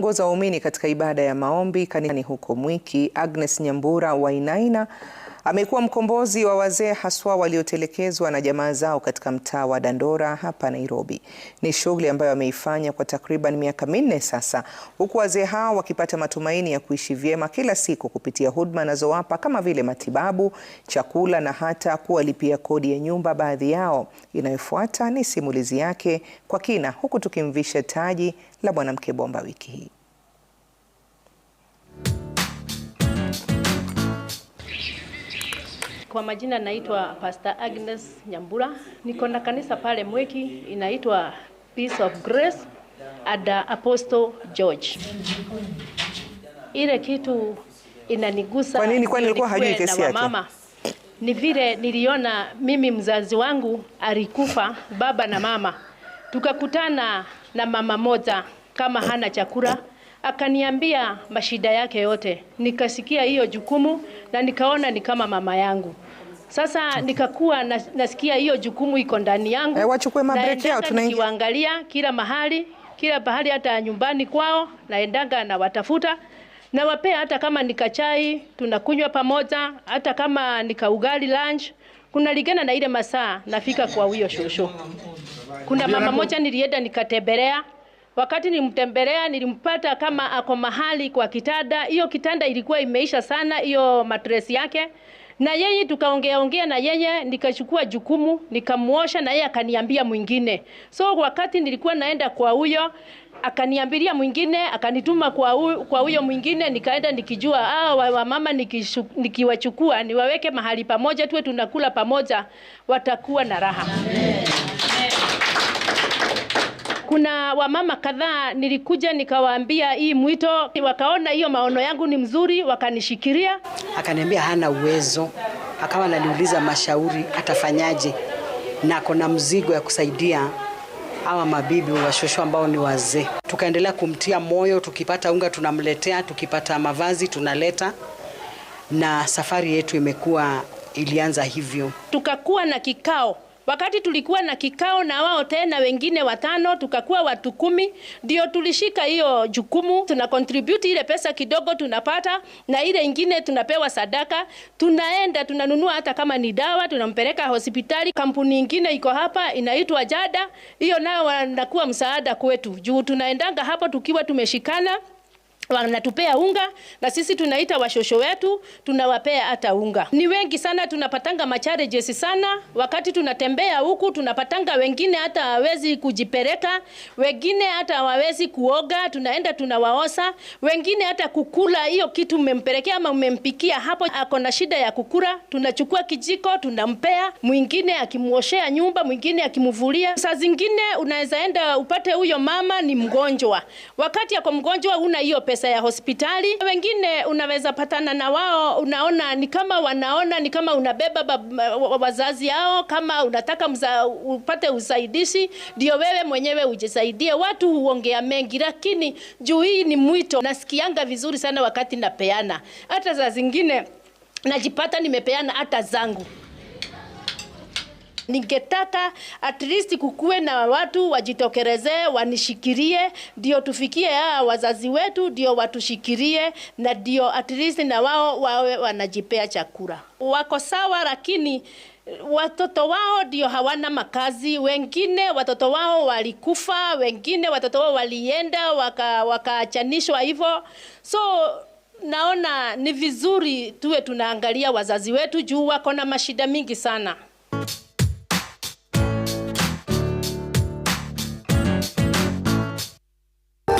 ongoza waumini katika ibada ya maombi kanisani huko Mwiki, Agnes Nyambura Wainaina Amekuwa mkombozi wa wazee haswa waliotelekezwa na jamaa zao katika mtaa wa Dandora hapa Nairobi. Ni shughuli ambayo ameifanya kwa takriban miaka minne sasa, huku wazee hao wakipata matumaini ya kuishi vyema kila siku kupitia huduma anazowapa kama vile matibabu, chakula na hata kuwalipia kodi ya nyumba baadhi yao. Inayofuata ni simulizi yake kwa kina, huku tukimvisha taji la mwanamke bomba wiki hii. Kwa majina naitwa Pastor Agnes Nyambura, niko na kanisa pale Mweki inaitwa Peace of Grace ada Apostle George. Ile kitu inanigusa. Kwa nini? Kwani nilikuwa hajui kesi yake mama? Ni vile niliona mimi mzazi wangu alikufa, baba na mama, tukakutana na mama moja kama hana chakula akaniambia mashida yake yote, nikasikia hiyo jukumu na nikaona ni kama mama yangu. Sasa nikakuwa nasikia hiyo jukumu iko ndani yangu e, wachukue mabreki yao tunaingia, kila mahali kila pahali, hata nyumbani kwao naendanga na watafuta na wapea, hata kama nikachai tunakunywa pamoja, hata kama nikaugali lunch kunalingana na ile masaa nafika kwa huyo shosho. Kuna mama moja nilienda nikatembelea, wakati nilimtembelea nilimpata kama ako mahali kwa kitanda, hiyo kitanda ilikuwa imeisha sana, hiyo matresi yake na yeye tukaongea ongea na yeye, nikachukua jukumu nikamuosha, na yeye akaniambia mwingine. So wakati nilikuwa naenda kwa huyo akaniambilia mwingine, akanituma kwa huyo, kwa huyo mwingine, nikaenda nikijua ah, wamama nikiwachukua niwaweke mahali pamoja, tuwe tunakula pamoja, watakuwa na raha Amen kuna wamama kadhaa nilikuja nikawaambia hii mwito, wakaona hiyo maono yangu ni mzuri, wakanishikiria. Akaniambia hana uwezo, akawa ananiuliza mashauri atafanyaje, na kuna mzigo ya kusaidia hawa mabibi washosho ambao ni wazee. Tukaendelea kumtia moyo, tukipata unga tunamletea, tukipata mavazi tunaleta, na safari yetu imekuwa ilianza hivyo. Tukakuwa na kikao Wakati tulikuwa na kikao na wao tena wengine watano, tukakuwa watu kumi, ndio tulishika hiyo jukumu. Tuna contribute ile pesa kidogo tunapata, na ile ingine tunapewa sadaka. Tunaenda tunanunua, hata kama ni dawa tunampeleka hospitali. Kampuni ingine iko hapa inaitwa Jada, hiyo nao wanakuwa msaada kwetu juu tunaendanga hapo tukiwa tumeshikana wanatupea unga na sisi tunaita washosho wetu tunawapea hata unga. Ni wengi sana, tunapatanga machallenges sana. Wakati tunatembea huku tunapatanga wengine hata hawezi kujipereka, wengine hata hawawezi kuoga, tunaenda tunawaosa, wengine hata kukula hiyo kitu umempelekea ama umempikia hapo, ako na shida ya kukula, tunachukua kijiko tunampea, mwingine akimwoshea nyumba, mwingine akimvulia. Saa zingine unaweza enda upate huyo mama ni mgonjwa, wakati ako mgonjwa una hiyo pesa pesa ya hospitali. Wengine unaweza patana na wao, unaona ni kama wanaona ni kama unabeba wazazi yao, kama unataka mza, upate usaidizi ndio wewe mwenyewe ujisaidie. Watu huongea mengi, lakini juu hii ni mwito, nasikianga vizuri sana wakati napeana, hata za zingine najipata nimepeana hata zangu. Ningetaka at least kukuwe na watu wajitokerezee wanishikirie, ndio tufikie hawa wazazi wetu, ndio watushikirie na ndio at least na wao wawe wanajipea chakula. Wako sawa, lakini watoto wao ndio hawana makazi. Wengine watoto wao walikufa, wengine watoto wao walienda wakaachanishwa waka hivyo, so naona ni vizuri tuwe tunaangalia wazazi wetu juu wako na mashida mingi sana.